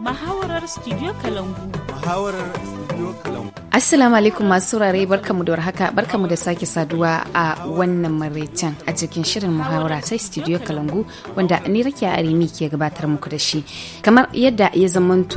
Mahawarar Studio Kalangu. Mahawarar Studio Kalangu. Assalamu alaikum masu saurare barkamu da warhaka barkamu da sake saduwa a wannan maraicen a cikin shirin muhawara ta Studio Kalangu wanda ni rake Arimi ke gabatar muku da shi. Kamar yadda ya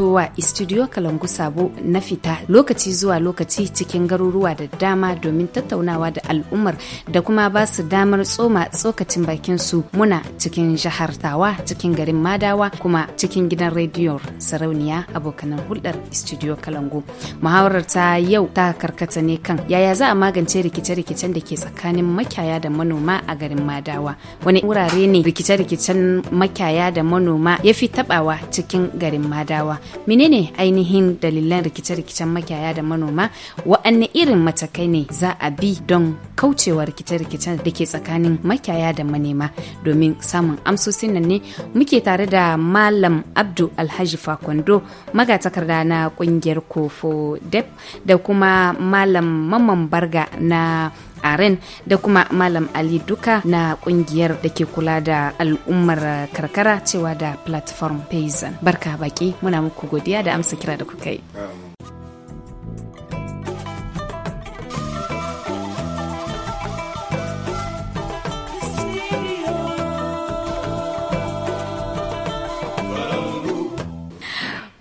wa Studio Kalangu sabo na fita lokaci zuwa lokaci cikin garuruwa da dama domin tattaunawa da al'ummar da kuma ba su damar tsoma tsokacin bakin su muna cikin jihar Tawa cikin garin Madawa kuma cikin gidan rediyon sarauniya abokanan hulɗar studio kalangu muhawarar ta yau ta karkata ne kan yaya za a magance rikice-rikicen da ke tsakanin makyaya da manoma a garin madawa wani wurare ne rikice-rikicen makyaya da manoma ya fi taɓawa cikin garin madawa menene ainihin dalilan rikice-rikicen makyaya da manoma wa'anne irin matakai ne za a bi don kaucewa rikice-rikicen da ke tsakanin makyaya da manema domin samun amsosin nan ne muke tare da malam abdu alhaji kwando magatakarda na kungiyar kofo dep da kuma malam mamman barga na aren da kuma malam ali duka na kungiyar da ke kula da al'ummar karkara cewa da platform paysan barka baki muna muku godiya da amsa kira da kuka yi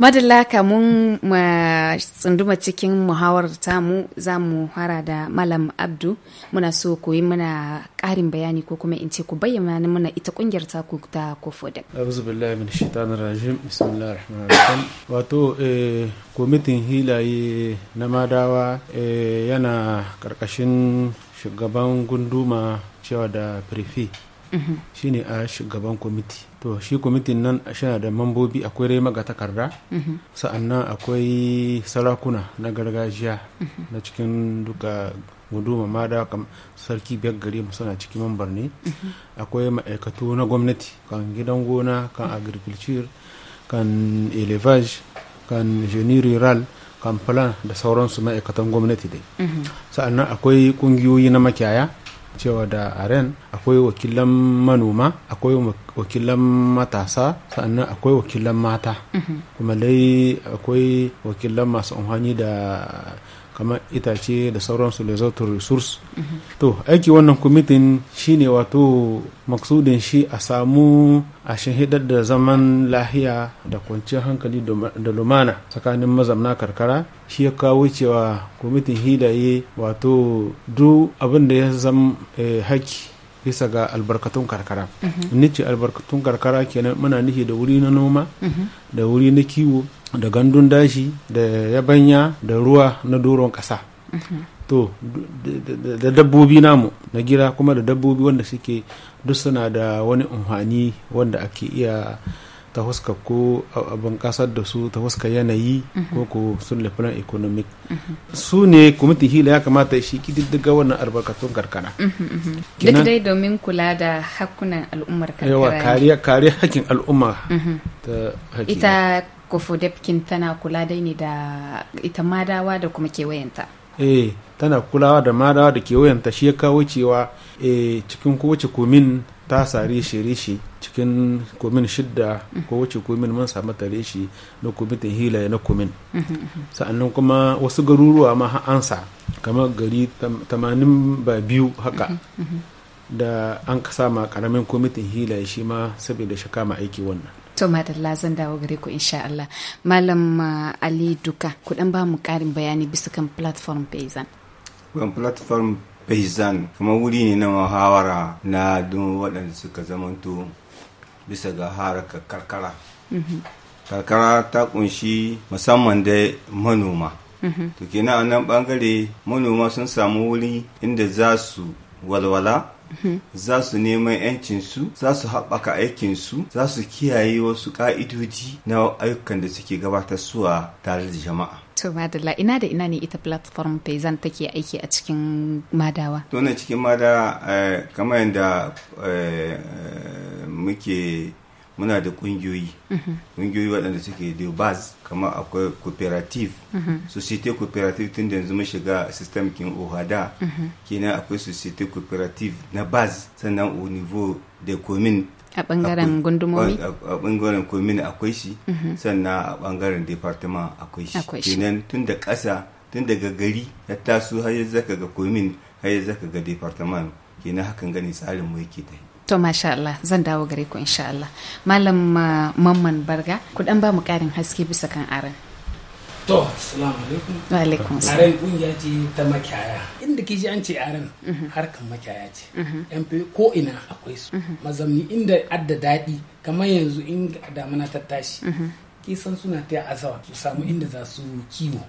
madalla kamun ma tsunduma cikin muhawar tamu za mu hara da malam abdu muna so ku yi mana ƙarin bayani ko kuma in ce ku bayyana muna ita ta ku ta kofoda abuzu billahi min shaitanir rajim bismillahir rahmanir rahim wato eh, kwamitin hilaye na madawa eh, yana karkashin shugaban gunduma cewa da prefi mhm. shine a shugaban komiti. to shi kwamitin nan shana da mambobi akwai rai magatakarda mhm. sa'annan akwai sarakuna na gargajiya na cikin duka guduma ma da sarki biyar gari mu na cikin mambar ne mhm. akwai ma'aikatu na gwamnati kan gidan gona kan agriculture kan elevage kan genie rural kan plan da sauransu ma'aikatan gwamnati dai mhm. sa'annan akwai kungiyoyi na makiyaya cewa da aren akwai wakilan manoma akwai wakilan matasa sannan akwai wakilan mata mm-hmm. kuma dai akwai wakilan masu amfani da kamar itace da sauransu da zautar resource mhm. to aiki wannan kwamitin shine wato maksudin shi a samu a shahidar da zaman lahiya da kwanciyar hankali da lumana tsakanin mazamna karkara shi ya kawo cewa kwamitin hidaye wato duk abin da ya zama eh, haki bisa ga albarkatun karkara mhm. ni albarkatun karkara kenan muna nihi da wuri na noma mhm. da wuri na kiwo da gandun dashi da yabanya da ruwa na doron kasa to da dabbobi namu na gira kuma da dabbobi wanda suke duk suna da wani umhani wanda ake iya ta huska ko abin kasar da su ta huska yanayi ko ko sun lafiran economic su ne kwamitin hila ya kamata shi kididdiga wannan albarkatun karkara duk dai domin kula da hakkunan al'ummar karkara yawa kariya hakkin al'umma mhm. ta ita kofo kofodepkin tana kula dai ne da ita madawa da kuma kewayenta eh tana kulawa da madawa da kewayenta shi ya kawo cewa eh cikin kowace komin ta sari shi cikin komin shidda kowace komin mun samu tare shi na komitin hila na komin sa'annan kuma wasu garuruwa ma ansa kamar gari tamanin ba biyu haka da an kasa ma karamin komitin hila shi ma saboda shi kama aiki wannan to madalla zan dawo gare ku insha Allah malam uh, Ali Duka ku dan ba mu karin bayani bisa kan platform Payzan kan platform Payzan kuma wuri ne na muhawara na don waɗanda suka zamanto bisa ga haraka karkara mm-hmm. karkara ta kunshi musamman da manoma mm-hmm. to kenan a nan bangare manoma sun samu wuri inda za su walwala za su neman yancinsu za su haɓaka aikinsu za su kiyaye wasu ƙa'idoji na ayyukan da suke suwa tare da jama'a to madalla ina da ina ne ita platform payzan take aiki a cikin madawa to cikin madawa eh, kamar yadda eh, eh, muke muna da kungiyoyi kungiyoyi mhm. waɗanda suke da bas kamar akwai cooperative mhm. societe cooperative tun da yanzu mun shiga system kin ohada mhm. kenan akwai societe cooperative na bas sannan au niveau de commune a bangaren gundumomi a bangaren commune akwai shi sannan a bangaren departement akwai shi kenan tun da ƙasa tun daga gari ya taso har ya zaka ga commune har ya zaka ga departement kenan hakan gani tsarin mu yake tafi To masha Allah zan dawo gare ku insha Allah. Malam Mamman Barga ku dan ba mu karin haske bisa kan aran. To, assalamu alaikum. Wa alaikum assalam Aran kungiya ce ta makiyaya. Inda kiji an ce aran mhm. harkan makiyaya ce. Mhm. Yan ko ina akwai su. Mhm. Mazamni inda adda dadi kamar yanzu in damana ta tattashi ki san suna ta azawa su samu inda za su kiwo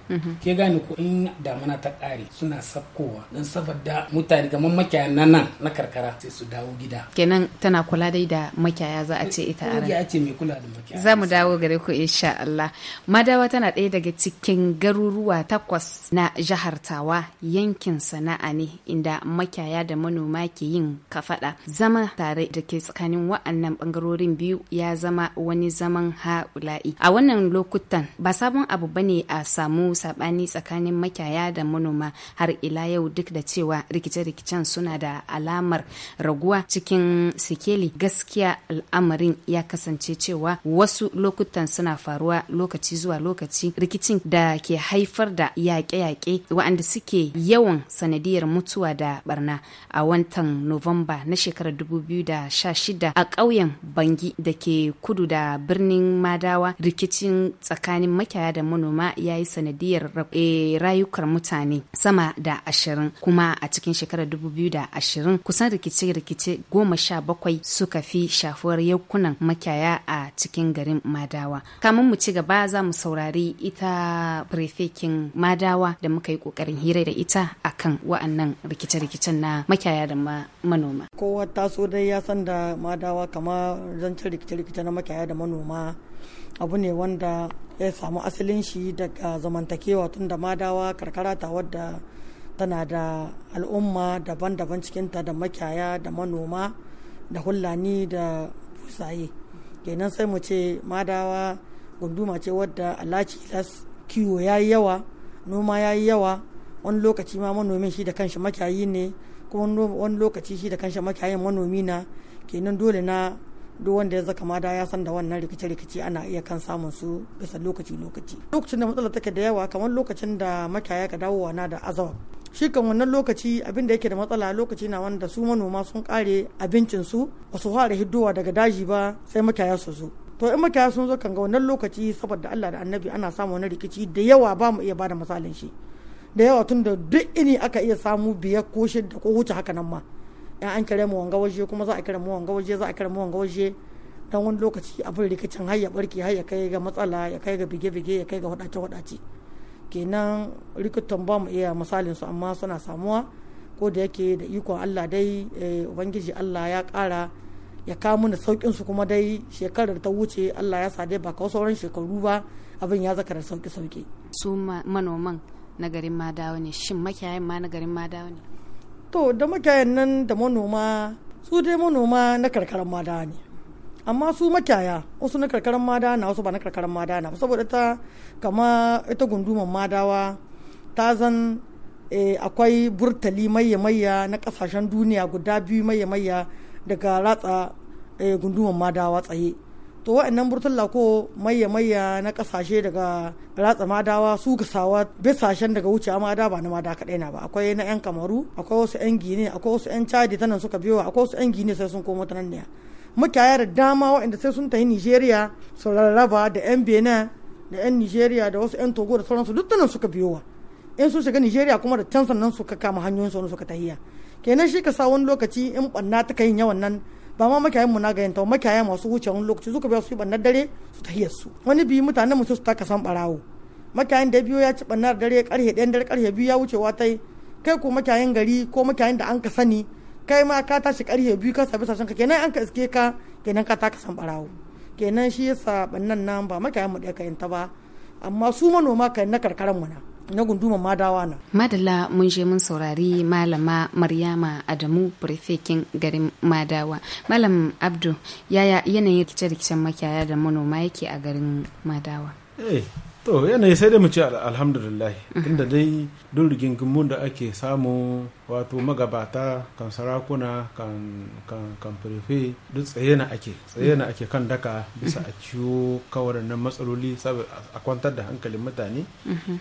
ke gane ko in damana ta kare suna sabkowa don saboda mutane kamar makiyaya na nan na karkara sai su dawo gida kenan tana kula dai da makiyaya za a ce eh, ita a ya ce mai kula da makiyaya za mu dawo gare ku insha Allah madawa tana ɗaya daga cikin garuruwa takwas na jihar Tawa yankin sana'a ne inda makiyaya da manoma ke yin kafada zama tare da ke tsakanin wa'annan bangarorin biyu ya zama wani zaman ha'ula'i a wannan lokutan ba sabon abu ba ne a samu sabani tsakanin makiyaya da manoma har ila yau duk da cewa rikice-rikicen suna da alamar raguwa cikin sikeli gaskiya al'amarin ya kasance cewa wasu lokutan suna faruwa lokaci zuwa lokaci rikicin da ke haifar da yaƙe-yaƙe waɗanda suke yawan sanadiyar mutuwa da barna a watan Nuwamba na shekarar 2016 a ƙauyen Bangi da ke kudu da birnin Madawa rikicin tsakanin makiyaya da manoma ya yi sanadiyar eh, rayukar mutane sama da ashirin kuma a cikin shekarar dubu biyu da ashirin kusan rikice-rikice goma sha bakwai suka fi shafuwar yankunan makiyaya a cikin garin madawa kamun mu ci gaba za mu saurari ita prefekin madawa da muka yi kokarin hira da ita akan wa'annan rikice-rikicen na makiyaya da manoma kowa taso dai ya san da madawa kama zancen rikice-rikice na makiyaya da manoma abu ne wanda ya samu asalin shi daga zamantakewa tun da madawa karkara ta wadda tana da al'umma daban-daban cikinta da makiyaya da manoma da hulani da busaye kenan sai mu ce madawa gunduma ce wadda alaci kiwo ya yi yawa noma ya yi yawa wani lokaci ma manomin shi da kanshi makiyayi ne kuma wani lokaci shi da kanshi makiyayin manomi na kenan dole na duk wanda ya zaka ma da ya san da wannan rikice-rikice ana iya kan samun su bisa lokaci-lokaci lokacin da matsala take da yawa kamar lokacin da makiyaya ka dawowa na da azawa shi kan wannan lokaci abin da yake da matsala lokaci na wanda su manoma sun kare abincinsu ba su fara hidowa daga daji ba sai makiyaya su zo to in makiyaya sun zo kan ga wannan lokaci saboda Allah da Annabi ana samun wani rikici da yawa ba mu iya bada misalin shi da yawa tun da duk ini aka iya samu biyar ko shidda ko wuce haka nan ma ya an kira mu wanga waje kuma za a kira mu wanga waje za a kira mu wanga waje dan wani lokaci abin rikicin har ya barke har ya kai ga matsala ya kai ga bige-bige ya kai ga wadace-wadace kenan rikitan ba mu iya misalin su amma suna samuwa ko da yake da ikon Allah dai eh, ubangiji Allah ya kara ya kawo mana saukin su kuma dai shekarar ta wuce Allah ya dai ba kawo sauran shekaru ba abin ya zaka da sauki-sauki su manoman na garin madawa ne shin makiyayin ma na garin madawa ne to da makiyayan nan da manoma su dai manoma na karkarar mada ne amma su makiyaya wasu na karkarar mada na wasu ba na karkarar mada na saboda ta kama ita gunduman madawa ta zan eh, akwai burtali mayya-mayya na kasashen duniya guda biyu mayya-mayya daga ratsa eh, gunduman madawa tsaye to wa'annan burtun lako mayya mayya na kasashe daga ratsa madawa su gasawa bisashen daga wuce amada ba na mada kaɗai na ba akwai na yan kamaru akwai wasu yan gine akwai wasu yan chadi ta nan suka biyo akwai wasu yan gine sai sun komo ta nan ne da dama wa'anda sai sun tafi nigeria su rarraba da yan benin da yan nigeria da wasu yan togo da sauransu duk ta nan suka biyowa in su shiga nigeria kuma da can sannan suka kama hanyoyin su suka tahiya kenan shi ka sa wani lokaci in banna ta yin yawan nan ba ma makiyayan mu na ga yanta makiyaya masu wuce wani lokaci suka biya su yi bannar dare su ta su wani biyu mutanen mutum su taka san barawo makiyayan da biyo ya ci bannar dare karhe ɗayan dare karhe biyu ya wucewa ta kai ko makiyayan gari ko makiyayan da an ka sani kai ma ka tashi karhe biyu ka sabi sashen ka kenan an ka iske ka kenan ka taka san barawo kenan shi yasa bannan nan ba makiyayan mu ɗaya ka yanta ba amma su manoma ka na karkaran mu na. na gunduma madawa na. madala mun je mun saurari malama Maryama Adamu prefekin garin Madawa. Malam Abdu yaya yanayin rikice-rikicen makiyaya da manoma yake a garin Madawa? Eh, to yanayi sai dai mu ce alhamdulillah tunda dai duk rigingimun da ake samu wato magabata kan sarakuna kan kan firfe duk tsaye na ake tsaye na ake kan daka bisa a ciwo kawarin nan matsaloli saboda a kwantar da hankalin mutane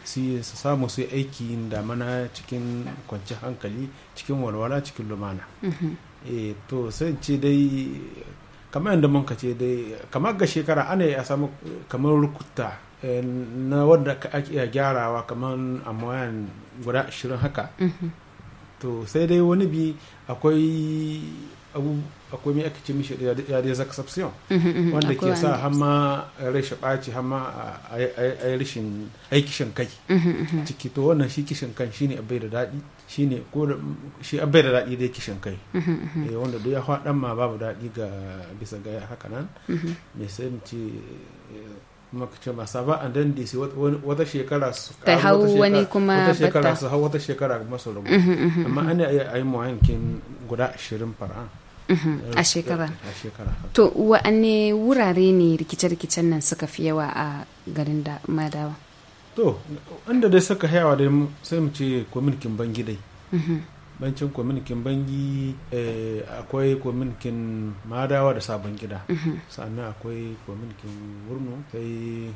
su samu su aiki da mana cikin kwanci hankali cikin walwala cikin lumana e to sai ce dai kamar yadda mun ka ce dai kamar ga shekara ana ya samu kamar rukuta Eh, na wadda ake gyarawa kamar amayan guda ashirin haka mhm. to sai dai wani bi akwai abu akwai mai ake ce mishi ya dai sabsiyon mhm, mhm, wanda ke sa hama rashin ɓaci hama a yi rashin aikishin kai ciki to wannan shi kishin kan shi ne abai da daɗi shi ne ko shi abai da daɗi dai kishin kai eh, wanda duk ya haɗa ma babu daɗi ga bisa ga haka nan mai sai mu ce eh, maka ba masa ba and then they say wata shekara su ta hau wani kuma wata shekara su hau wata shekara masu mm-hmm, mm-hmm, amma mm-hmm. ana iya ayi mawankin guda ashirin fara eh, eh, a shekara to wa'anne wurare ne rikice-rikicen nan suka fi yawa a garin da madawa to inda dai suka yawa dai sai mu ce kwamitin bangidai bancin kwaminkin bangi eh, akwai kwaminkin madawa da sabon gida mhm. sannan akwai kwaminkin wurno sai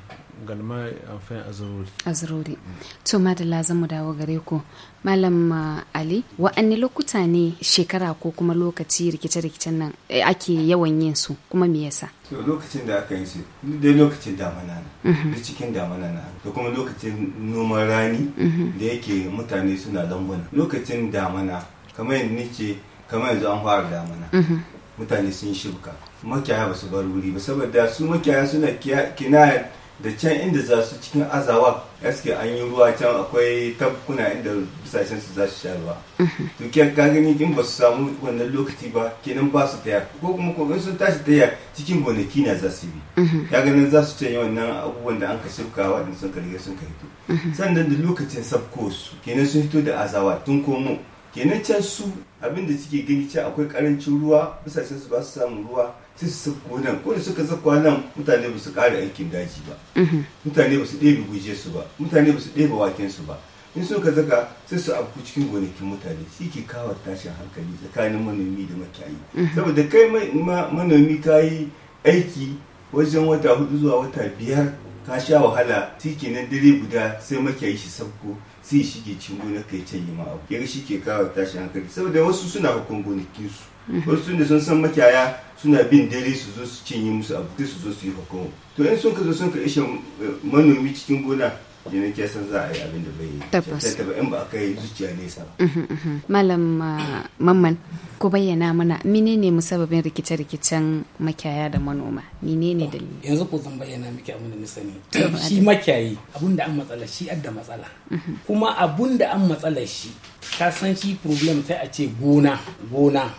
galma amfani azurori azurori to madalla zan mu dawo gare ku malam eh, ali wa'anne lokuta ne shekara ko kuma lokaci rikice-rikicen nan eh, ake yawan yin su kuma me yasa to lokacin da aka yi su dai lokacin damana na, mhm. duk cikin damana na da kuma lokacin noman rani mhm. da yake mutane suna lambuna lokacin damana kamar yadda nake kamar yanzu an fara damana mhm. mutane sun shibka makiyaya ba su bar wuri ba saboda su makiyaya suna kinaya da can inda za su cikin azawa gaske an yi ruwa can akwai tabkuna inda bisashen su za su sha ruwa mhm. to ke ka gani in ba su samu wannan lokaci ba kenan ba su tayar ko kuma ko sun tashi tayar cikin gonaki na za su bi ya mhm. ganin za su canye wannan abubuwan da an ka shirka waɗanda sun karge sun kai to mhm. sannan da lokacin sabko su kenan sun hito da azawa tun komo kenan can su abin da suke gani cewa akwai karancin ruwa bisashen su ba su samun ruwa sai su sako nan ko da suka sako nan mutane ba su kare aikin daji ba mm-hmm. mutane ba su ɗebe guje su ba mutane ba su ɗebe waken su ba in sun ka zaka sai su abu cikin gonakin mutane shi ke kawo tashin hankali tsakanin manomi da makiyayi mm-hmm. saboda kai manomi ka yi aiki wajen wata hudu zuwa wata biyar ka sha wahala tiki na dare guda sai yi shi sabko sai shige cin gona kai can yi ma'au yar shi ke kawo tashi hankali saboda wasu suna hukun gonakin su mhm. wasu ne sun san makiyaya suna bin dare su zo su cinye musu abu su zo su yi hukun to in sun ka zo sun ka ishe manomi cikin gona domin ke san za a yi abin da bai tabbas in ba yi zuciya sa. Mhm, mhm. malam ah, mamman ku bayyana mana menene musababin rikice-rikicen makiyaya da manoma menene dalili yanzu ko zan bayyana miki abin da sani shi makiyayi abin da an matsala shi adda matsala mhm. kuma abin da an matsala shi ka san shi problem sai a ce gona gona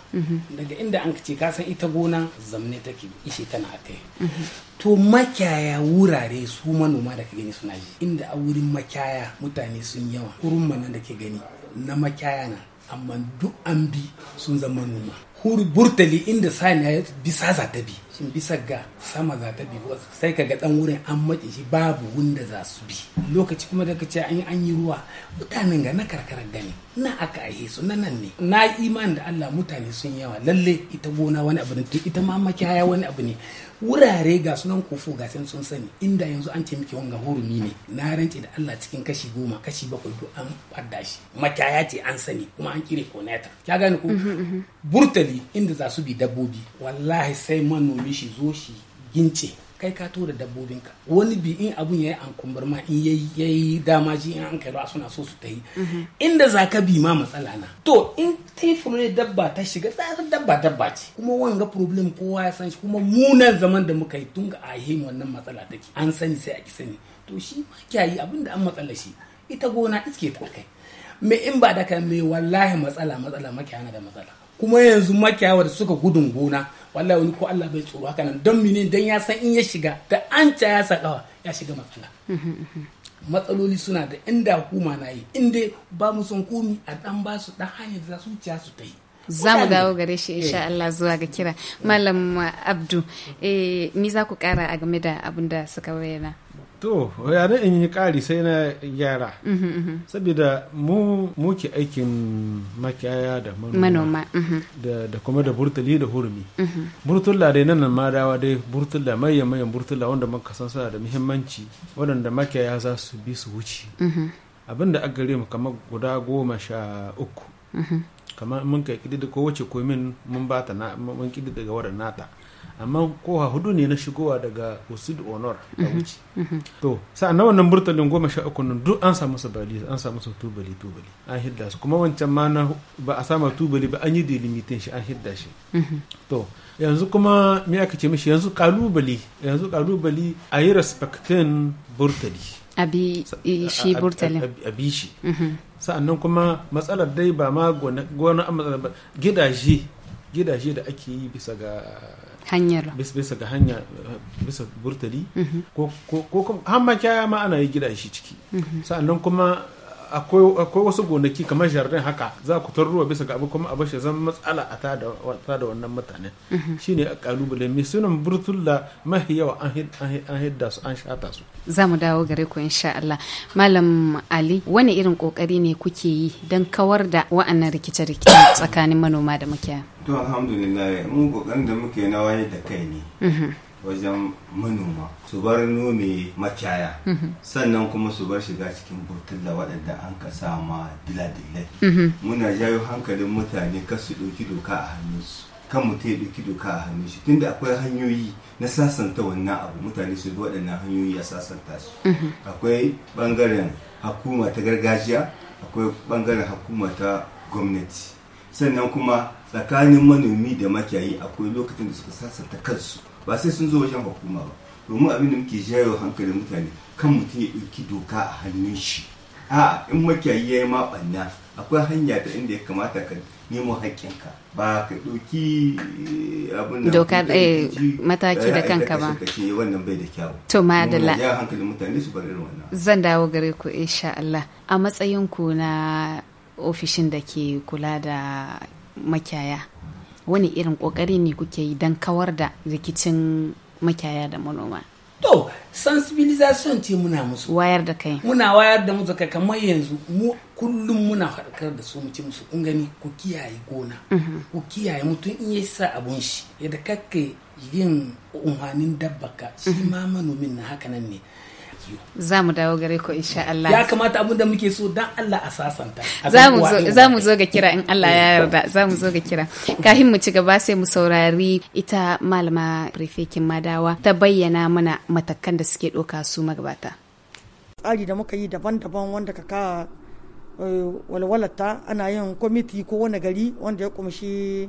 daga inda an ce ka san ita gona zamne take ishe tana a kai to makyaya wurare su manoma da ka gani suna ji inda a wurin makyaya mutane sun yawa kurun nan da ke gani na makyaya na amma duk an bi sun zama noma burtali inda saniya bisa za ta bi shin bisa ga sama za ta bi sai ka ga dan wurin an mace shi babu wanda za su bi lokaci kuma da ce an yi an yi ruwa mutanen ga na karkarar gani na aka ahe su na nan ne na imani da Allah mutane sun yawa lalle ita gona wani abu ne ita ma makiyaya wani abu ne wurare ga sunan kofo ga sun sun sani inda yanzu an taimake wanga hurumi ne na rance da Allah cikin kashi goma kashi bakwai duk an fadda shi makiyaya ce an sani kuma an kire konata ya gane ko mhm, mhm, mhm. burtali inda za su bi dabbobi wallahi sai manomi shi zo shi gince kai ka tura da dabbobinka wani bi in abun yayi an kumburma in yayi yayi dama ji in an kai ba suna so su ta yi mhm. inda za ka bi ma matsala na to in tifin fure dabba ta shiga ta dabba dabba ce kuma wanga problem kowa ya san shi kuma munan zaman da muka yi tun ga ahim wannan matsala take an sani sai a ki sani to shi ma kyayi abin da an matsala shi ita gona iske ta kai me in ba da ka me wallahi matsala matsala makiyana da matsala kuma yanzu makiyawa da suka gudun gona wallahi wani ko Allah bai tsoro haka nan don mene don ya san in ya shiga da an ca ya sakawa ya shiga matsala matsaloli suna da inda hukuma na yi inda ba mu son komi a dan ba su dan hanyar da su ciya su ta yi za mu dawo gare shi insha eh. Allah zuwa ga kira malam abdu eh me za ku kara a game da abin suka bayyana to ya in yi ƙari sai na gyara saboda mu muke aikin makiyaya da manoma da kuma da burtuli da hurumi burtula dai nan ma dawa dai burtula maye mayan burtula wanda muka kasan suna da muhimmanci waɗanda makiyaya za su bi su wuce abinda aka mu kamar guda goma sha uku kamar mun kai kididi ko wace komin mun ba ta mun kididi daga waɗannata nata amma kowa hudu ne na shigowa daga osid honor a mhm, wuce mhm. to sa'an na wannan burtalin goma sha uku nan duk an samu su bali an samu su tubali tubali an hidda su kuma wancan ma na ba a sama tubali ba an yi delimitin shi an hidda shi mhm. to yanzu kuma me aka ce mishi yanzu kalubali yanzu kalubali a yi respectin burtali bi shi burtalin abi shi sa'annan kuma matsalar dai ba ma gona matsalar ba gidaje gidaje da ake yi bisa ga hanyar bisa ga hanya eh, bisa burtali mhm. ko kuma har ma ana yi gida shi ciki mhm. sa'annan kuma akwai wasu gonaki kamar jardin haka za ku ruwa bisa ga abu kuma abu shi zama matsala a ta da wannan mutanen mhm. shine a kalubale mai sunan burtulla mafi yawa an hidda su an shata su za mu dawo gare ku insha Allah malam Ali wani irin kokari ne kuke yi don kawar da wa'annan rikice-rikice tsakanin manoma da makiyaya to alhamdulillah mu kokarin da muke na wani da kai ne mhm. wajen manoma su bar nome makiyaya mm-hmm. sannan kuma su bar shiga cikin botulla waɗanda an ka sa ma diladilai mm-hmm. muna jayo hankalin mutane kan su ɗauki doka a hannunsu kan mutum ya ɗauki doka a hannun shi tunda akwai hanyoyi na sasanta wannan abu mutane su bi waɗannan hanyoyi a sasanta su mm-hmm. akwai ɓangaren hakuma ta gargajiya akwai ɓangaren hakuma ta gwamnati sannan kuma tsakanin manomi da makiyayi akwai lokacin da suka sasanta kansu ba sai sun zo wajen hukuma ba domin abin da muke jayo hankalin mutane kan mutum ya ɗauki doka a hannun shi a in makiyayi ya yi ma ɓanna akwai hanya ta inda ya kamata ka nemo haƙƙinka ba ka ɗauki eh, abin da doka eh, mataki da eh, kanka ba wannan bai da kyawu to ma da la ya hankalin mutane su bar wannan zan dawo gare ku insha Allah a matsayin ku na ofishin da ke kula da makiyaya wani irin kokari ne kuke yi don kawar da rikicin makiyaya da manoma to sensibilization ce muna musu wayar da kai muna wayar da musu kai kamar yanzu mu kullum muna faɗakar da su mu musu kun gani ku kiyaye gona mhm. ku kiyaye mutum in ya sa abun shi yadda kakke yin dabba dabbaka shi ma manomin na haka nan ne za mu dawo gare ku insha Allah ya kamata abin da muke so dan Allah a sasanta za mu zo ga kira in Allah ya yarda za mu zo ga kira kafin mu ci gaba sai mu saurari ita malama prefekin madawa ta bayyana mana matakan da suke ɗauka su magabata tsari da muka yi daban-daban wanda ka ka eh, walwalata ana yin kwamiti ko wani gari wanda ya kumshi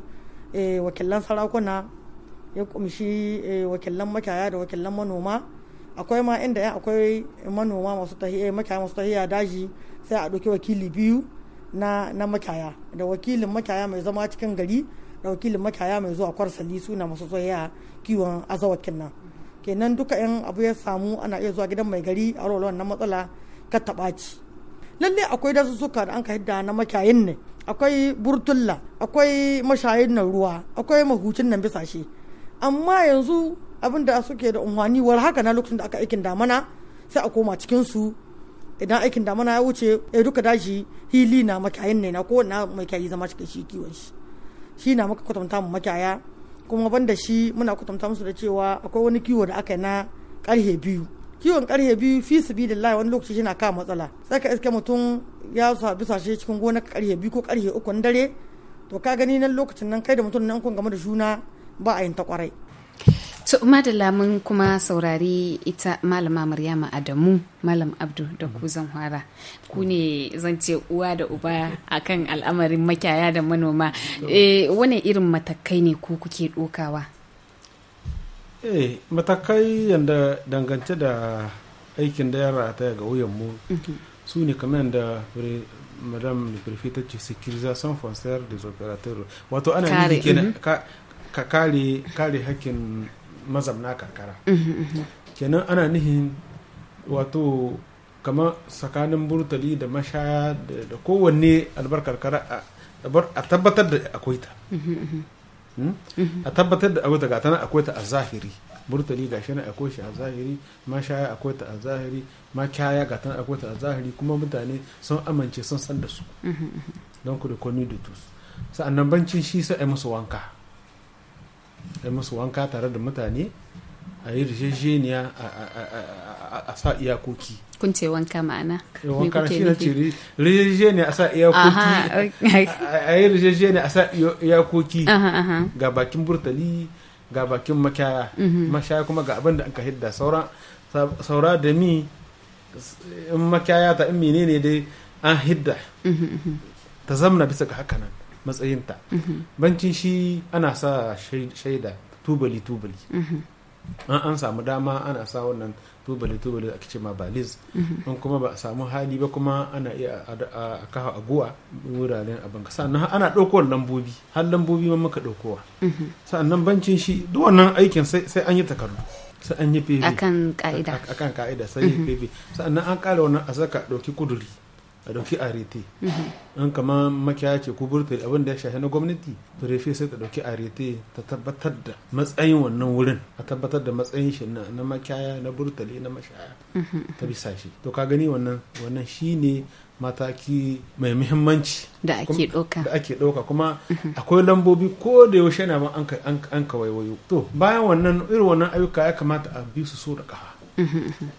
eh, wakilan sarakuna ya kumshi eh, wakilan makiyaya da wakilan manoma akwai ma inda yan akwai manoma masu tahiya eh, makaya masu tahiya daji sai a ɗauki wakili biyu na makaya da wakilin makaya mai zama cikin gari da wakilin makaya mai zuwa kwarsali suna masu tahiya kiwon azawakin nan kenan duka yan abu ya samu ana iya zuwa gidan mai gari a rawar wannan matsala ka taɓa ci lalle akwai dazuzzuka da an ka hidda na makayin ne akwai burtulla akwai mashayin nan ruwa akwai mahucin nan bisashe amma yanzu abin da suke da umarni war haka na lokacin da aka aikin damana sai a koma cikin su idan aikin damana ya wuce ya eh, duka dashi hili na makayin ne na ko na makiyayi zama cikin shi kiwon shi shi na maka kwatanta mu makaya kuma banda shi muna kwatanta musu da cewa akwai wani kiwo da aka yi na karhe biyu kiwon karhe biyu fi su bi biyu wani lokaci yana kawo matsala sai ka iske mutum ya sa shi cikin gonar karhe biyu ko karhe uku na dare to ka gani nan lokacin nan kai da mutum nan kun game da juna ba a yin ta kwarai To da mun kuma saurari ita malama Maryama Adamu malam Abdu da ku zan fara ku ne zan uwa da uba akan al'amarin makiyaya da manoma wani eh, wane irin matakai ne ku kuke dokawa eh matakai yadda dangance da aikin da yara ta ga wuyan mu mhm. su ne kamar da madam ta ce securisation foncière des opérateurs wato ana yi kenan mhm. ka kare kare hakkin mazamna karkara mhm, mhm. kenan ana nihin wato kamar tsakanin burtali da mashaya da kowanne albar karkara a tabbatar da akwai ta mhm, hmm? a tabbatar da akwai ta gata nan akwai ta a zahiri burtali ga shi akwai shi a zahiri mashaya akwai ta a zahiri makiyaya gata nan akwai ta a zahiri kuma mutane sun amince sun san da su don ku da kwanu da tus sa'annan bancin shi sai a musu wanka ai musu wanka tare da mutane a yi rishishiniya a sa iyakoki kun ce wanka ma'ana eh, wanka shi na ce rishishiniya a sa iyakoki a yi rishishiniya a sa iyakoki ga bakin burtali ga bakin makaya mhm. mashaya kuma ga abin da an ka hidda saura da mi in makaya ta in menene dai an hidda mhm, mhm. ta zamna bisa ga haka nan matsayinta mhm. bancin shi ana sa shaida tubali tubali mhm. an an samu dama ana sa wannan tubali tubali da ake ma baliz mhm. an kuma ba a samu hali ba kuma ana iya a kawo aguwa wuraren abin ka sannan ana ɗaukowar lambobi har lambobi ma muka ɗaukowa sannan bancin shi duk wannan aikin sai an yi takardu sai an yi fefe akan ka'ida sai yi fefe sannan an ƙara wannan a saka ɗauki kuduri a dauki arete in kama makiya ce kuburta abin da ya shafi na gwamnati prefe sai ta dauki arete ta tabbatar da matsayin wannan wurin a tabbatar da matsayin shi na makiyaya na burtali na mashaya ta bisa shi to ka gani wannan wannan shine mataki mai muhimmanci da ake ɗauka da ake ɗauka kuma akwai lambobi ko da yaushe na an ka waiwayo to bayan wannan irin wannan ayyuka ya kamata a bi su so da kafa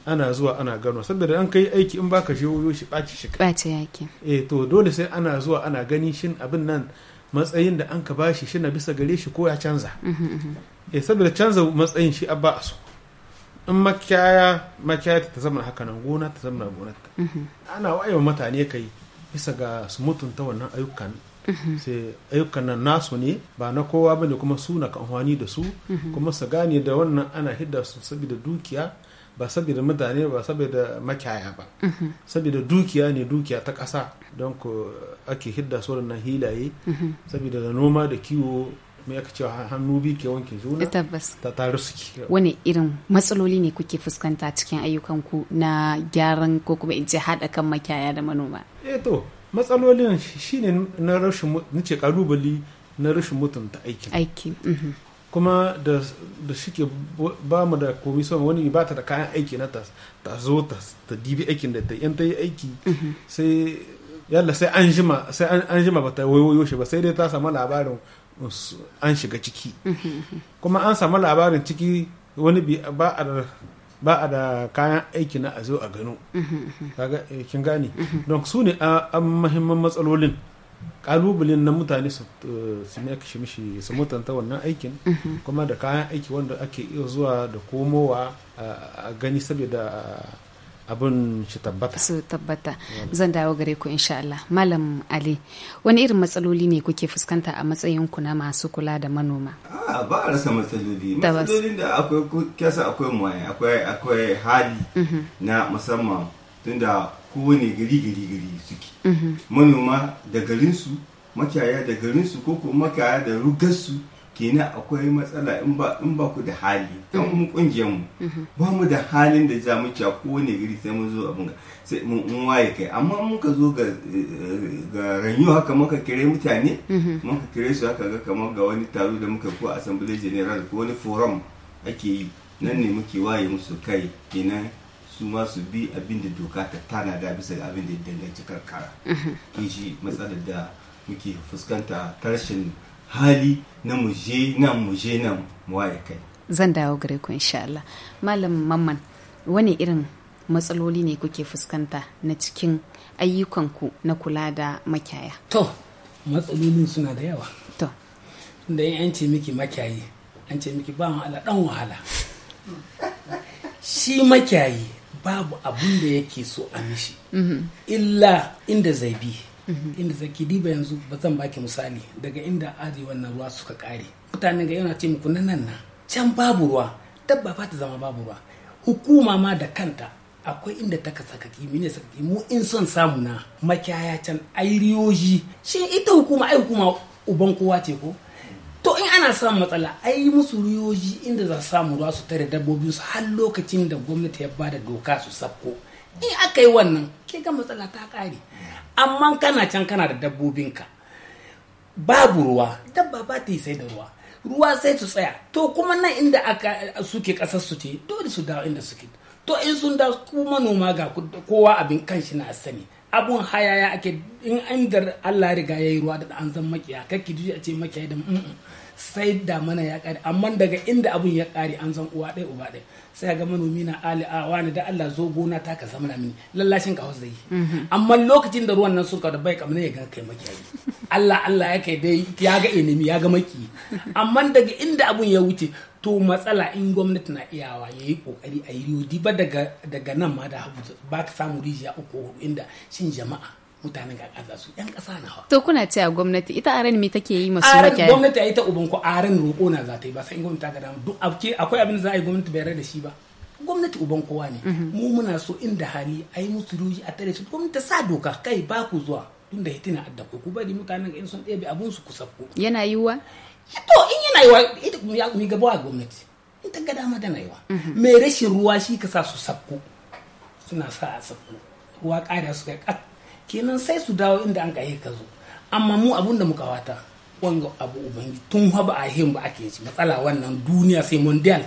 ana zuwa ana gano saboda an kai aiki in baka shi wuyo shi ɓaci shi ɓaci yaki eh to dole sai ana zuwa ana gani shin abin nan matsayin da an ka bashi shi na bisa gare shi ko ya canza eh saboda canza matsayin shi abba a so in makiyaya makiyaya ta zama haka nan gona ta zama gona ta ana wayewa mutane kai bisa ga su mutunta wannan ayyukan sai ayyukan nan nasu ne ba na kowa bane kuma su na da su kuma su gane da wannan ana hidda su saboda dukiya ba saboda mutane ba saboda makiyaya ba mm-hmm. saboda dukiya ne dukiya ta ƙasa don ku ake hidda sauran na hilaye mm-hmm. saboda da noma da kiwo mai aka cewa hannu bi ke wanke juna tabbas ta tare suke wani irin matsaloli ne kuke fuskanta cikin ayyukanku na gyaran ko kuma in ce haɗa kan makiyaya da manoma eh to matsalolin shine na rashin ce kalubali na rashin mutunta aikin aiki mm-hmm. kuma da da shike ba mu da komi sama wani ba ta da kayan aiki na ta zo ta dibi aikin da ta yan ta yi aiki mhm. sai yalla sai an jima sai an jima ba ta wayoyo shi ba sai dai ta samu labarin an shiga ciki mhm. kuma an samu labarin ciki wani bi ba a da ba a da kayan aiki na a zo a gano mhm, eh, kin gane don su ne a mahimman matsalolin kalubalen na mutane su eh, ne shi mishi su mutanta wannan aikin mhm. kuma da kayan aiki wanda ake iya zuwa da komowa a gani saboda abin shi tabbata su tabbata zan dawo gare ku insha Allah malam Ali wani irin matsaloli ne kuke fuskanta a matsayin ku na masu kula da manoma a ah, ba a rasa matsaloli matsalolin da akwai kesa akwai muwaye akwai akwai hali mhm. na musamman tunda kowane gari gari gari suke mhm. manoma da garinsu makiyaya da garinsu ko ko makiyaya da rugarsu kenan akwai matsala in ba ku da hali kan mu mhm. kungiyar mu mhm. ba mu da halin da za mu ci kowane gari sai mun zo abin sai mun waye kai amma mun ka zo ga ranyu ranyo haka muka kire mutane muka kire su haka ga kamar ga wani taro da muka ko assembly general ko wani forum ake yi nan ne muke waye musu kai kenan su ma su bi abin da doka ta tana da bisa ga abin da ya danganci karkara kin mhm. shi matsalar da muke fuskanta ta hali na muje na muje na muwaye kai zan dawo gare ku insha Allah malam mamman wani irin matsaloli ne kuke fuskanta na cikin ayyukanku na kula da makiyaya to matsalolin suna da yawa to da an ce miki makiyayi an ce miki ba wahala dan wahala shi makiyayi babu abun da yake so a mishi mhm. illa inda zai bi mhm. inda zaki diba yanzu ba zan baki misali daga inda arewa wannan ruwa suka kare mutanen ga yana ce muku nan nan can babu ruwa dabba ba ta zama babu ruwa hukuma ma da kanta akwai inda ta ka saka kimi ne saka mu in son samu na makiyaya can ai riyoji shin ita hukuma ai hukuma uban kowa ce ko to in ana samun matsala ai musu riyoji inda za samu ruwa su tare dabbobi su har lokacin da gwamnati ya ba da doka su sabko in aka yi wannan ke ga matsala ta kare amma kana can kana da dabbobinka babu ruwa dabba ba ta yi sai da ruwa ruwa sai su tsaya to kuma nan inda aka suke kasar su ce dole su dawo inda suke to in sun da kuma noma ga kowa abin kanshi na sani abun hayaya ake in da Allah riga ya yi ruwa da an zan makiya kakki duje a ce makiya da sai da mana ya kare amma daga inda abun ya kare an san uwa ɗaya uba ɗaya sai ga manomi na ali a wani da Allah zo gona ta ka zama mini lallashin ka yi mhm. amma lokacin da ruwan nan sun da bai kamar ya ga kai makiyayi Allah Allah ya kai dai ya ga enemy ya ga maki amma daga inda abun ya wuce to matsala in gwamnati na iyawa ya yi kokari a yi ba daga nan ma da ba ka samu rijiya uku inda shin jama'a mutanen ga kaza su yan ƙasa na hawa. To kuna cewa gwamnati ita aren me take yi masu makiyaye? Aren gwamnati ai ta uban ku aren na za ta yi ba sai gwamnati ta ga dama duk abke akwai abin da za a yi gwamnati bai da shi ba. Gwamnati uban kowa ne. Mhm. Mu muna so inda hali ai musu ruji a tare su gwamnati ta sa doka kai ba ku zuwa tun da hitina adda ku ku bari mutanen ga in sun ɗebe abun su ku sabko. Yana yiwuwa? To in yana yiwuwa ita mu gaba gwamnati. In ta ga dama da na yiwa. Mai mhm. rashin ruwa shi ka sa su sabko. Suna sa a sabko. Ruwa ƙara su kai kenan sai su dawo inda an kahe ka zo amma mu abun da muka wata wanga abu ubangi tun ba a him ba ake ci matsala wannan duniya sai mondial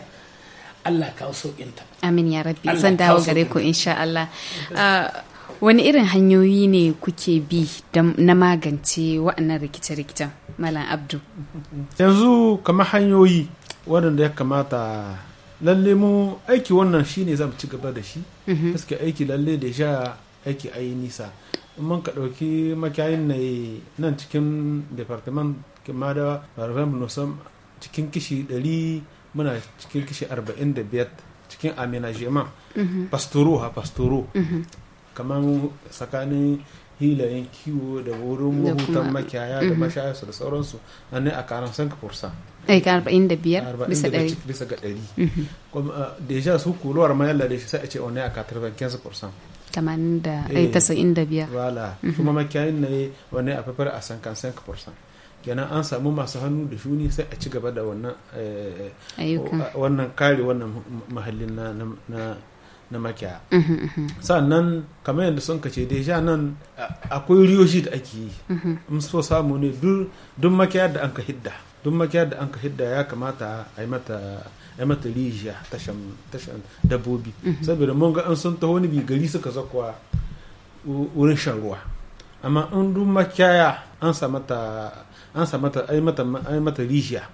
Allah kawo saukin ta amin ya rabbi zan dawo gare ku insha Allah ah, wani irin hanyoyi ne kuke bi na magance waɗannan rikice-rikicen malam abdu yanzu kama hanyoyi waɗanda ya kamata lalle mu aiki wannan shine zamu ci gaba da shi mm-hmm. gaskiya aiki lalle da sha aiki ayi nisa mun ka ɗauki makiyayin na nan cikin departament kima da barfem nosam cikin kishi 100 muna cikin kishi 45 cikin amenagement mhm. pastoro ha pastoro mhm. kamar tsakanin hilayen kiwo da wurin mahutan makiyaya da mhm. mashayarsu da sauransu an ne a karan sanka fursa eh, da biyar bisa dari. bisa ga 100 eh, deja su kuluwar ma yalla da shi sai a ce onai a 95% 95 wala eh. eh, mhm. kuma makiyayin ne wani a fafar a an samu masu hannu da shuni sai a ci gaba da wannan eh, kare wannan mahallin na na makiya mhm, mhm. sannan kamar yadda sun kace deja nan akwai riyoshi da ake yi in so samu ne duk makiya da an ka hidda duk makiyar da an ka hidda ya kamata a yi mata ai mata rijiya tashan dabbobi mhm. saboda mun ga an sun taho ni gari suka zakuwa wurin shan ruwa amma in duk makiyaya an sa mata an sa mata ai mata ai mata rijiya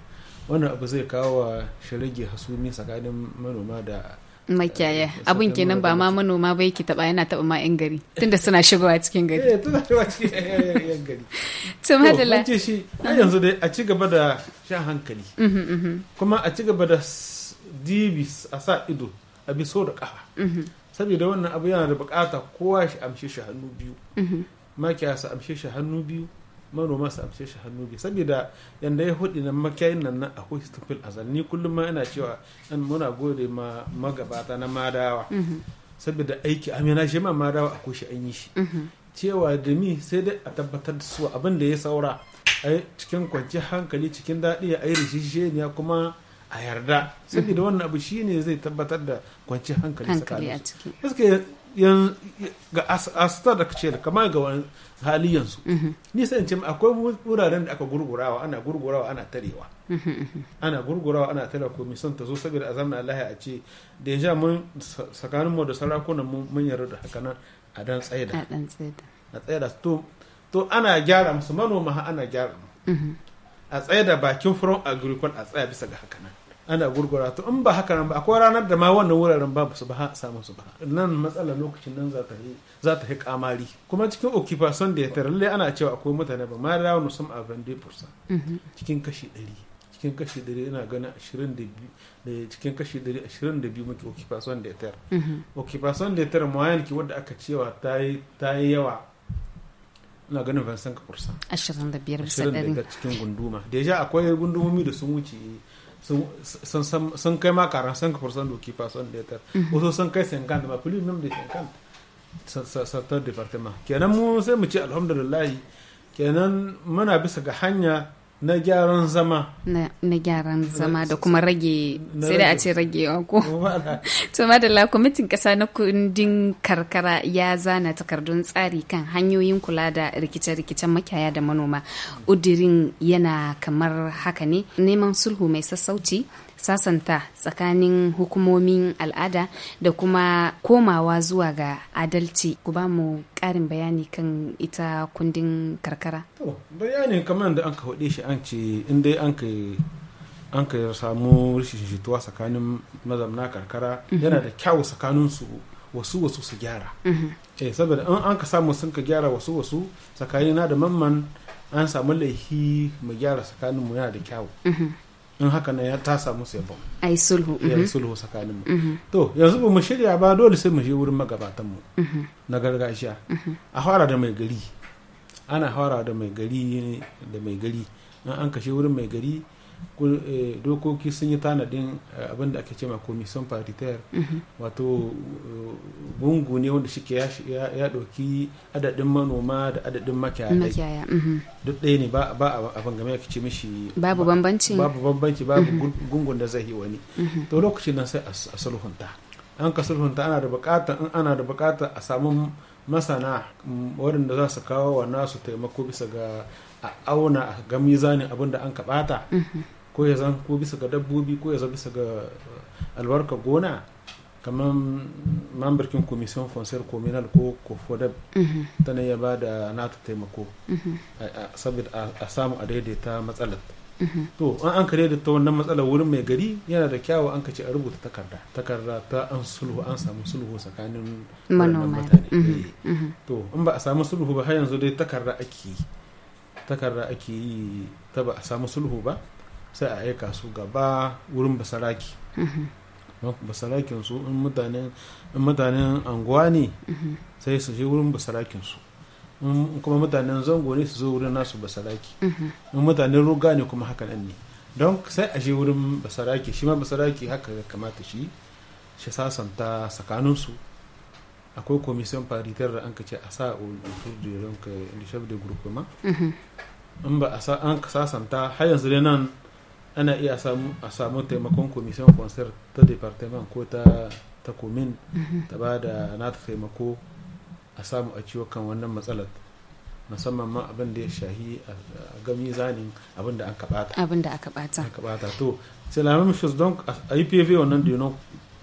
wannan abu zai kawo shirage hasumi tsakanin manoma da makiyaya abin kenan ba ma manoma ba yake taba yana taba ma yan gari tunda suna shigowa cikin gari eh tana shigowa cikin gari to madalla ce shi a yanzu dai a ci gaba da shan hankali mhm, mhm. kuma a ci gaba da dibis a sa ido a biso da kafa mhm. saboda wannan abu yana da bukata kowa shi amshe shi hannu biyu makiyaya su amshe shi hannu biyu manoma su amshe shi hannu bi saboda yanda ya hudu na makiyayin nan nan akwai stupil azal ni kullum ma ina cewa an muna gode ma magabata na madawa mhm. saboda aiki amina shi ma madawa akwai shi an yi shi mhm. cewa da mi sai dai a tabbatar da su abin da ya saura a cikin kwanci hankali cikin daɗi a yi rishisheniya kuma a yarda saboda wannan abu shine zai tabbatar da kwanci hankali tsakanin su ga astar da kace da kamar ga wani hali yanzu mhm. ni sai ce akwai wuraren da aka gurgurawa ana gurgurawa ana tarewa mhm, mhm. ana gurgurawa ana tare ko son ta zo saboda zamanin Allah a ce da ya mun sakanin mu da sarakunan mu mun yarda da haka nan a dan tsaida a dan tsaida a tsaida to to ana gyara musu manoma ana gyara a tsaida bakin front agricole a tsaya bisa ga haka nan ana gurgura to in ba haka nan ba akwai ranar da ma wannan wuraren babu su ba samu su ba nan matsalar lokacin nan za ta yi za ta yi kamari kuma cikin occupation da ya tare lalle ana cewa akwai mutane ba ma da wani sun a vende pursa mhm. cikin kashi ɗari cikin kashi ɗari ina ganin ashirin da cikin kashi biyu muke occupation da ya tara mhm. occupation da ya tare ma ki wadda aka cewa ta yi ta yi yawa ina ganin 25 pursa 25 cikin gunduma deja akwai gundumomi da sun wuce sun kai ma 45% d'occupation des terres wasu sun kai 50 ma plus même de 50 sartar departement kenan mu sai mu ce alhamdulillah kenan muna bisa ga hanya na gyaran zama na gyaran zama da kuma rage sai da a ce wa ko to madalla kwamitin kasa na kundin karkara ya zana takardun tsari kan hanyoyin kula da rikice-rikicen makiyaya da manoma udirin yana kamar haka ne neman sulhu mai sassauci sasanta tsakanin hukumomin al'ada da kuma komawa zuwa ga adalci ku ba mu karin bayani kan ita kundin karkara bayanin kamar da an ka haɗe shi an ce dai an ka samu rashin tsakanin mazamna karkara mhm. yana da kyawu tsakaninsu wasu wasu su gyara mhm. eh saboda in an ka samu sun ka gyara wasu wasu tsakanin na da mamman an samu laifi mu gyara tsakaninmu yana da kyawu mhm. in haka ne ya ta samu sai a yi sulhu yi mhm. sulhu tsakanin mu mhm. to yanzu ba mu shirya ba dole sai mu je wurin magabatan mu mhm. na gargajiya a fara da mai gari ana fara da mai gari da mai gari in an kashe wurin mai gari Eh, dokoki sun yi tanadin eh, abin da ake ma commission paritaire mhm. wato eh, gungu ne wanda shike ya ɗauki adadin manoma da adadin makiyaya mhm. duk ɗaya ne ba a abin game ya ce mishi babu bambanci babu bambanci babu mhm. gungun da zai yi wani to lokacin nan sai a sulhunta an ka sulhunta ana da bukata in ana da bukata a samu masana waɗanda za su kawo wa nasu taimako bisa ga a auna ga mizanin abin da an kaɓata mhm. ko ya zan ko bisa ga dabbobi ko ya zan bisa ga albarka gona kamar mambarkin commission foncier communal ko kofodab mhm. ta ne ya ba da nata taimako mhm. saboda a samu a daidaita matsalar to an an kare da ta wannan matsalar wurin mai gari yana da kyawu an ka ce a rubuta takarda takarda ta an sulhu an samu sulhu tsakanin mutane mm-hmm, eh. mm-hmm. to in ba a samu sulhu ba har yanzu dai takarda ake yi. takarda ake yi ta ba a samu sulhu ba sai a aika su gaba wurin basaraki mm-hmm. basarakin su in mutanen anguwa ne sai su je wurin basarakin su kuma mutanen zango ne su zo wurin nasu basaraki mhm. in mutanen ruga ne kuma haka nan ne don sai a je wurin basaraki shi ma basaraki haka kamata shi shi sasanta tsakaninsu akwai commission faritar da an ka ce a sa autour de donc le da de ma mhm. in ba an ka sasanta har yanzu dai nan ana iya a samu taimakon commission konsert ta departement ko ta komin mhm. ta ba da ta taimako a samu a ciwo kan wannan matsalar musamman ma abin da ya shahi a gami zanin abin da aka bata abin da aka bata aka bata to sai la même chose donc a IPV wannan da non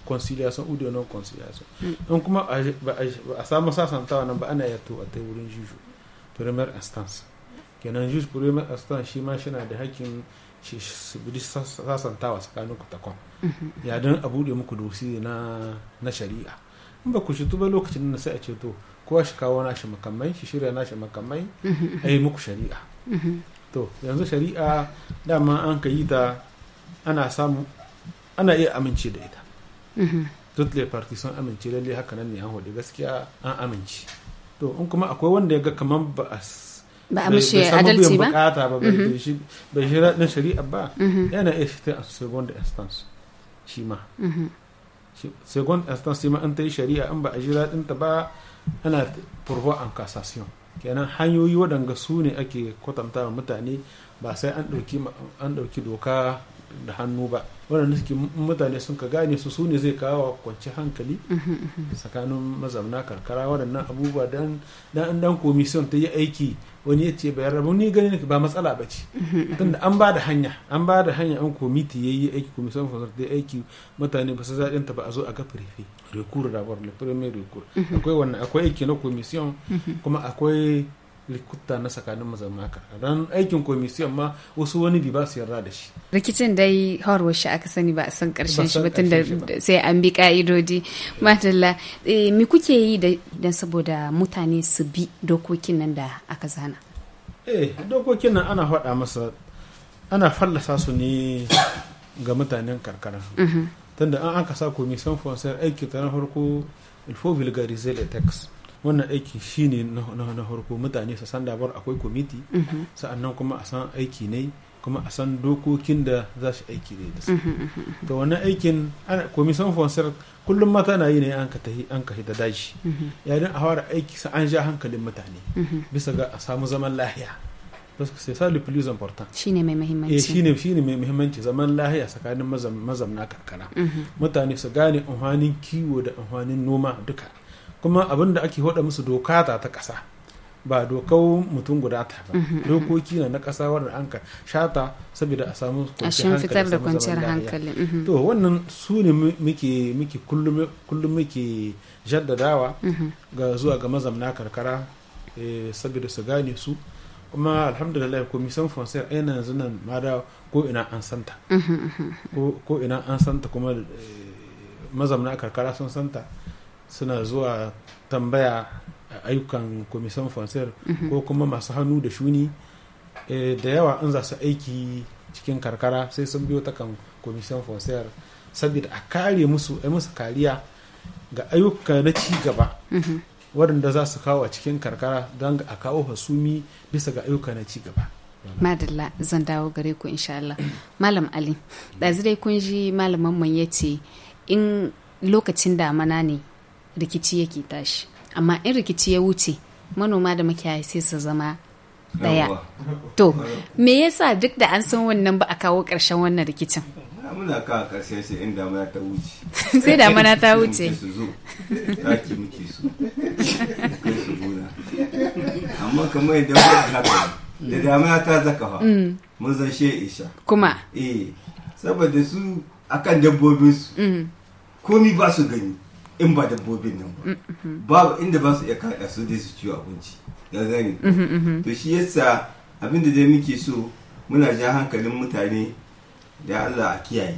conciliation ou de non conciliation mm. don kuma a samu sasantawa nan ba ana to a ta wurin juju premier instance kenan juge premier instance shi ma shi na da hakkin shi bi sasantawa tsakanin ku takon mm-hmm. ya abu a bude muku dosi na shari'a in ba ku shi ba lokacin nan sai a ce to ko shi kawo nashi makamai shi shirya nashi makamai a yi muku shari'a to yanzu shari'a dama an ka yi ta ana samu ana iya amince da ita duk le parti sun amince lalle haka nan ne an hudu gaskiya an amince to in kuma akwai wanda ya ga kamar ba a ba a ba bukata ba bai mhm. shi din shari'a ba mhm. yana iya shi ta a second instance shi ma mhm. second instance shi ma an ta yi shari'a an ba a jira ta ba ana pourvoir en cassation kenan hanyoyi waɗanga su ne ake kwatanta wa mutane ba sai an ɗauki doka da hannu ba waɗanda suke mutane sun ka gane su su zai kawo kwanci hankali mm-hmm, mm-hmm. tsakanin mazauna karkara waɗannan abubuwa dan dan komi ta yi aiki wani ya ce bayan rabu ni ganin ba matsala ba ce tunda an ba da hanya an ba da hanya an komiti ya yi aiki komisan fasar da aiki mutane ba su zaɗin ta ba a zo a ga firife rekuru da bar le premier rekuru akwai wannan akwai aiki na komisiyon kuma akwai likuta na tsakanin mazauna karkaran aikin komisiyon ma wasu wani bi ba su yarda da shi rikicin dai horwar shi aka sani ba a san karshen shi mutum da sai an bi ka'idodi madalla eh, mi kuke yi da saboda mutane su bi dokokin nan da aka zana eh dokokin nan ana faɗa masa ana fallasa su ne ga mutanen karkara mhm. tunda an aka sa komisiyon fonsar aiki ta na farko il faut vulgariser les textes wannan aikin shine na harko mutane su san dabar akwai kwamiti mhm. sa'annan kuma a san aiki ne kuma a san dokokin da za shi aiki ne da su mhm, mhm, to wannan aikin kwamisan fonsar kullum mata na yi ne an ka tahi da daji yayin a fara aiki sa an ja hankalin mutane bisa ga a samu zaman lahiya parce que c'est ça le plus important shine mai muhimmanci eh, zaman lahiya tsakanin mazamna karkara mutane su gane amfanin kiwo da amfanin noma duka kuma abin da ake hoda musu doka ta ta kasa ba dokau mutum guda ta ba mhm. dokoki na na kasa wadda an ka shata saboda a samu kwanciyar fitar da kwanciyar hankali mhm. to wannan su ne muke muke kullum muke jaddadawa mhm. ga zuwa ga mazamna karkara eh, saboda su gane su kuma alhamdulillah misan fonsai a yanayin yanzu nan ma da ko ina an santa ko ina an santa kuma eh, mazamna karkara sun santa suna zuwa tambaya a ayyukan commission fonsir mhm. ko kuma masu hannu da shuni eh, da yawa an za su aiki cikin karkara sai sun biyo ta kan commission fonsir saboda a kare musu a musu kariya ga ayyuka na ci gaba mhm. waɗanda za su kawo a cikin karkara don a kawo hasumi bisa ga ayyuka na ci gaba madalla zan dawo gare ku insha Allah malam ali ɗazu dai kun ji malaman man ya ce in lokacin damana ne rikici yake tashi amma in rikici ya wuce manoma da makiyaya sai su zama daya to me yasa duk da an san wannan ba a kawo ƙarshen wannan rikicin muna ka ƙarshen shi in damana ta wuce sai damana ta wuce su zo muke su kai su gona amma kamar yadda ba haka da damana ta zaka fa mm. mun zan she isha kuma eh saboda su akan dabbobinsu mm. komi ba su gani in ba dabbobin nan ba babu inda ba su iya kaɗa su dai su ciwo abinci ya gani to shi yasa abin da dai muke so muna ja hankalin mutane da Allah a kiyaye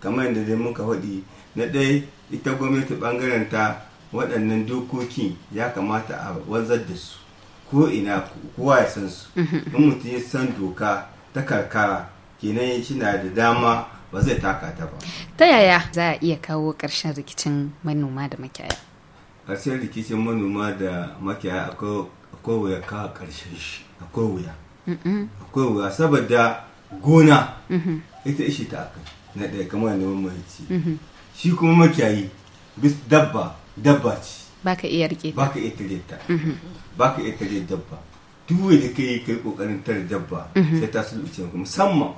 kamar yadda dai muka faɗi na ɗaya ita gwamnati ɓangaren ta waɗannan dokokin ya kamata a wanzar da su ko ina kowa ya san su in mutum ya san doka ta karkara kenan shi na da dama ba zai taka ta ba ta yaya za a iya kawo ƙarshen rikicin manoma da makiyaya ƙarshen rikicin manoma da makiyaya akwai wuya kawo ƙarshen shi akwai wuya akwai wuya saboda gona mm-hmm. ita ishi ta akai na ɗaya kamar neman mahaici mm-hmm. shi kuma makiyayi bis dabba dabba ce ba ka iya rike ta ba ka iya tare ta mm-hmm. ba ka iya tare dabba duk wanda ka yi kai ƙoƙarin tare dabba sai ta ce musamman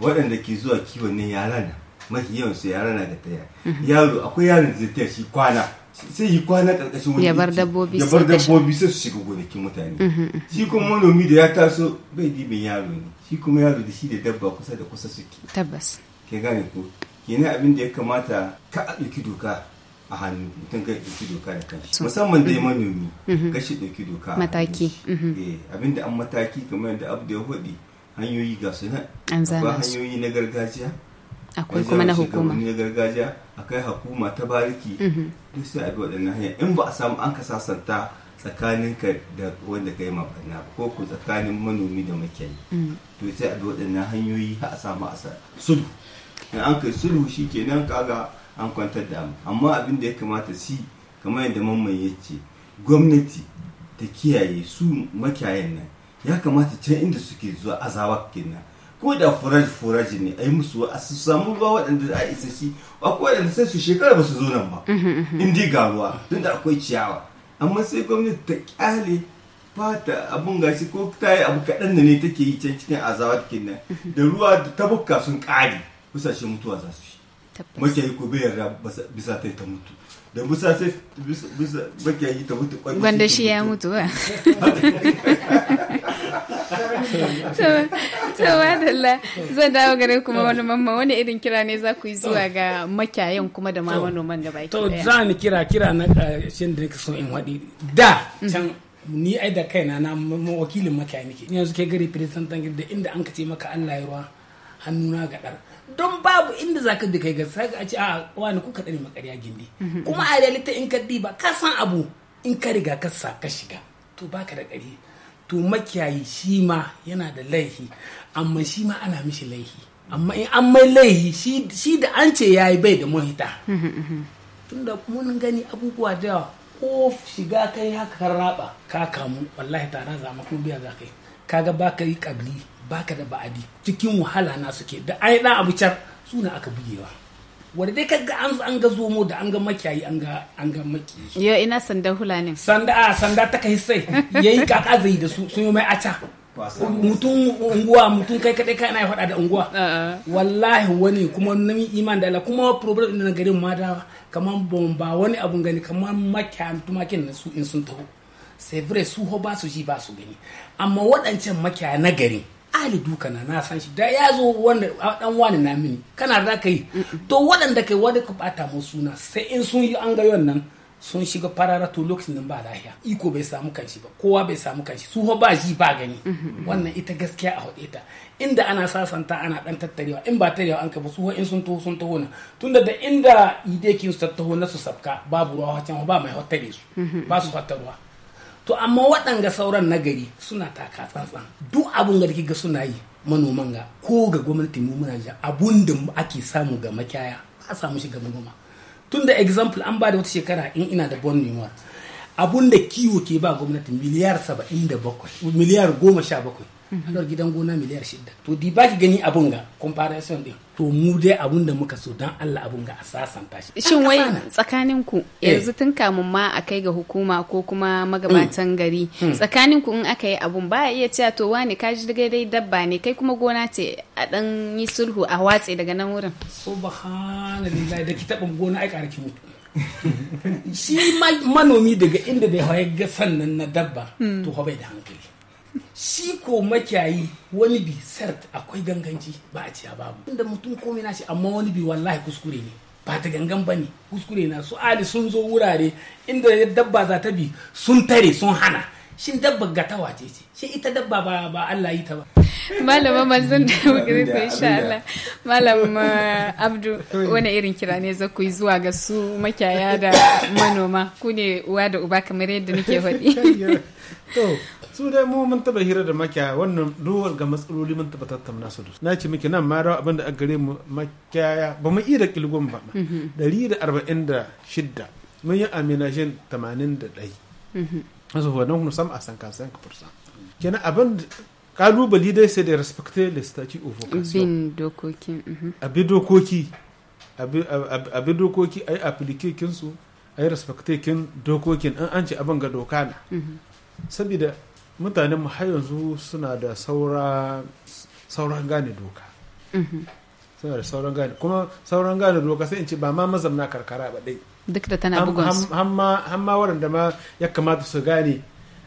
waɗanda ke zuwa kiwon ne yara na mafi yawan su yara na da taya yaro akwai yaron da zai taya shi kwana sai yi kwana ƙarƙashin wani ya dabbobi ya bar dabbobi sai su shiga gonakin mutane mm-hmm, mm-hmm. shi kuma manomi da ya taso bai dibin yaro ne shi kuma yaro da shi da dabba kusa da kusa suke tabbas ke gane ko kenan abin da ya kamata ka a ɗauki doka a hannu mutum ka ɗauki doka da kanshi musamman dai mm-hmm. manomi ka shi ɗauki doka mataki eh, abin da an mataki kamar yadda abu da ya faɗi hanyoyi ga su nan akwai hanyoyi na gargajiya akwai kuma na hukuma na gargajiya akwai hukuma ta bariki mhm. duk sai a bi waɗannan hanya in ba a samu an ka sasanta tsakanin ka da wanda ka yi mabanna ko ku tsakanin manomi da makiyayi mhm. to sai a bi waɗannan hanyoyi har a samu a sulhu in an kai sulhu shikenan kaga an kwantar da amma abin da ya kamata si kamar yadda mamman ya ce gwamnati ta kiyaye su makiyayen nan ya kamata can inda suke zuwa azawa kenan ko da furaji furaji ne a yi musu a su samu ruwa waɗanda a isa shi akwai waɗanda sai su shekara ba su zo nan ba in dai ga ruwa tun da akwai ciyawa amma sai gwamnati ta kyale fata abun gashi ko ta yi abu kaɗan da ne take yi can cikin azawa kenan da ruwa da tabuka sun ƙare kusashe mutuwa za su yi makiyayi ko bai yarda bisa ta ta mutu da musa sai bisa makiyayi ta mutu gwanda shi ya mutu ba to madalla zan dawo gare kuma wani mamma wani irin kira ne za ku yi zuwa ga makiyayan kuma da ma manoman baki to za ni kira kira na ƙarshen da nake so in waɗi da can ni ai da kaina na wakilin makaniki. nake yanzu ke gari tangi da inda an ka ce maka Allah ya ruwa hannuna ga dar don babu inda za ka kai ga sai a ce a wani kuka ɗani makarya gindi mhm. kuma a realita in ka diba ka san abu in ka riga ka sa ka shiga to baka da ƙari to makiyayi shi ma yana da laihi amma shi ma ana mishi laihi amma in an mai laihi shi da an ce ya yi bai da mahita tunda mun gani abubuwa da yawa ko shiga kai haka kan raba ka kamu wallahi tara zama ko biya za kai kaga baka yi kabli baka da ba'adi cikin wahala na suke da ai dan abu can suna aka bugewa wadda dai ka ga an ga zomo da an ga makiyayi an ga an ga maki yo ina sandan hulani sanda a sanda ta kai sai yayi kaka zai da su sun yi mai aca mutum unguwa mutum kai kadai ina ya fada da unguwa uh-uh. wallahi wani kuma nami iman da Allah kuma problem din garin ma da kaman ba wani abun gani kaman makiyayi tumakin na su in sun taho sai vrai su ho ba su ji ba su gani amma waɗancan makiyayi na garin ali duka na na san shi da ya zo wanda dan wani na mini kana da kai to waɗanda kai wanda ka bata mu suna sai in sun yi an ga nan sun shiga fararato lokacin nan ba lahiya iko bai samu kanshi ba kowa bai samu kanshi su ba ji ba gani wannan ita gaskiya a haɗe ta inda ana sasanta ana dan tattarewa in ba tarewa an kafa su in sun taho sun taho na tunda da inda idekin su tattaho na su sabka babu ruwa can ba mai hotare su ba su to amma waɗanga sauran na gari suna taka tsantsan duk abun da ga suna yi manoman ga ko ga gwamnati mu muna ji abun da ake samu ga makiyaya ba samu shi ga manoma tun da example an ba da wata shekara in ina da bon abun da kiwo ke ba gwamnati miliyar 77 miliyar goma sha bakwai lor gidan gona miliyar shida to di ba ki gani abun ga comparison din to mu dai abun da muka so dan Allah abun ga a sasan tashi shin wai tsakanin ku eh. yanzu tun kamun ma a kai ga hukuma ko kuma magabatan mm. gari mm. tsakanin ku in aka yi abun ba iya cewa to wani ka ji dai dabba ne kai kuma gona ce a dan yi sulhu a watse daga nan wurin subhanallah da ki taɓin gona ai ƙara ki mutu shi manomi daga inda da ya ga sannan na dabba mm. to bai da hankali shi ko makiyayi wani bi sart akwai ganganci ba a ciya babu inda mutum komai na shi amma wani bi wallahi kuskure ne ba ta gangan ba ne kuskure na su ali sun zo wurare inda dabba za ta bi sun tare sun hana shin dabba ta ce ce shi ita dabba ba ba Allah yi ta ba malama manzon da wuri ko insha Allah malam uh, Abdu wani irin kira ne za ku yi zuwa ga su makiyaya da manoma ku ne uwa da uba kamar yadda nake faɗi to su dai mu mun taba hira da makiya wannan duwar ga matsaloli mun taba tattauna su na ce miki nan ma rawa abinda a gare mu makiya ba mu iya kilgon ba dari da arba'in da shidda mun yi aminashin tamanin da ɗai asu huwa don sam a san kasan ka fursa kenan abin kalubali dai sai da respecte le statut of vocation bin dokoki mhm. a bi dokoki a bi dokoki a yi application su a yi respecte kin dokokin an an ce abin ga doka na mhm. saboda mutanen mu har yanzu suna da sauran gane doka mhm. suna da sauran gane kuma sauran gane doka sai in ce ba ma mazamna karkara ba dai duk da tana bugun su hamma ma waɗanda ma ya kamata su gane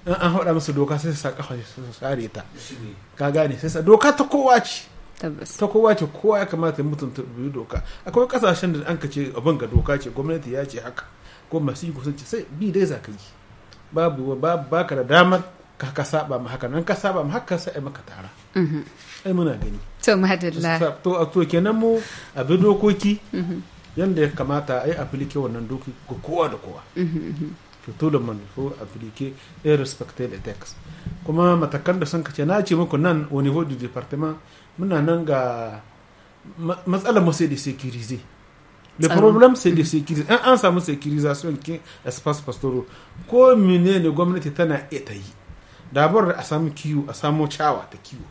in an haɗa musu doka sai su sa kafa su tsare ta ka gane sai sa doka ta kowa ce tabbas ta kowa ce kowa ya kamata ya mutunta biyu doka akwai kasashen da an ka ce abin ga doka ce gwamnati ya ce haka ko masu yi kusanci sai bi dai za ka babu ba ka da damar ka ka saba ma haka nan ka saba ma haka sai maka tara mhm. ai muna gani to madallah to a to kenan mu a bi dokoki mhm. yanda ya kamata ai aplike wannan doki ga kowa da kowa mhm, to to da man ko aplike ai respecte the text kuma matakan da sun kace na ce muku nan au niveau du departement muna nan ga matsalar mu sai da sécuriser le problème c'est de sécuriser an samu sécurisation ke espace pastoral ko menene gwamnati tana iya yi dabar a samu kiwo a samu cawa ta kiwo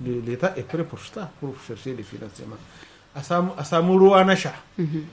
leta est prêt pour ça pour chercher les financements a samu a samu ruwa na sha mhm.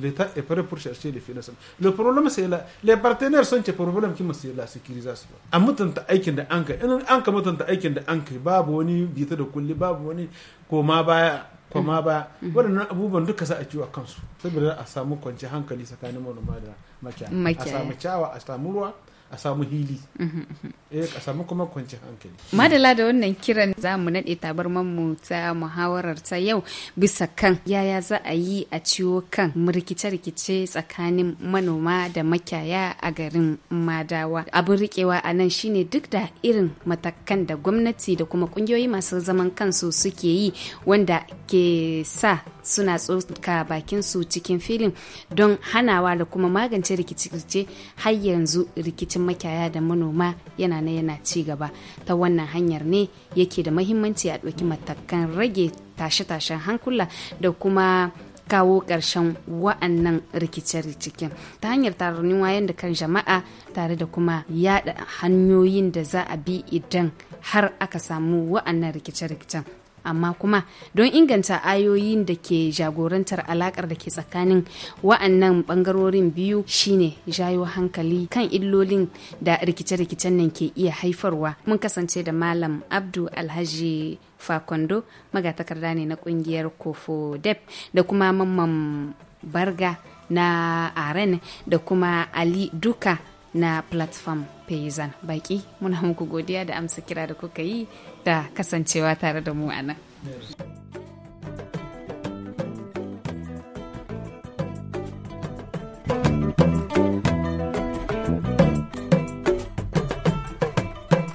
l'État est prêt pour chercher les financements le problème c'est la les partenaires sont ce problème qui c'est la sécurisation a mutunta aikin da an kai in an ka mutunta aikin da an kai babu wani bita da kulli babu wani koma baya koma baya mhm. waɗannan abubuwan duka za a ciwa a kansu saboda a samu kwanci hankali tsakanin manoma da makiyaya a samu cawa a samu ruwa a samu hili mhm, mhm. eh a samu kuma kwanciyar hankali madala da wannan kiran za mu naɗe mu ta muhawarar ta yau bisa kan yaya za a yi a ciwo kan rikice-rikice tsakanin manoma da makyaya a garin madawa abin rikewa a nan shine duk da irin matakan da gwamnati da kuma kungiyoyi masu zaman kansu suke yi wanda ke sa suna tsoka bakin su cikin filin don hanawa da kuma magance rikice-rikice har yanzu rikicin makiyaya da manoma yana na yana ci gaba ta wannan hanyar ne yake da mahimmanci a ɗauki matakan rage tashe-tashen hankula da kuma kawo ƙarshen wa'annan rikice-rikicen ta hanyar taronin wayan da kan jama'a tare da kuma yada hanyoyin da za a bi idan har aka samu wa'annan rikice-rikicen amma kuma don inganta ayoyin da ke jagorantar alakar da ke tsakanin wa'annan bangarorin biyu shine jayo hankali kan illolin da rikice-rikicen nan ke iya haifarwa mun kasance da malam abdu alhaji fakondo magatakarda ne na kungiyar kofo dep da kuma mamman barga na aren da kuma ali duka na platform payzan baki muna muku godiya da amsa kira da kuka yi da kasancewa tare da mu a nan.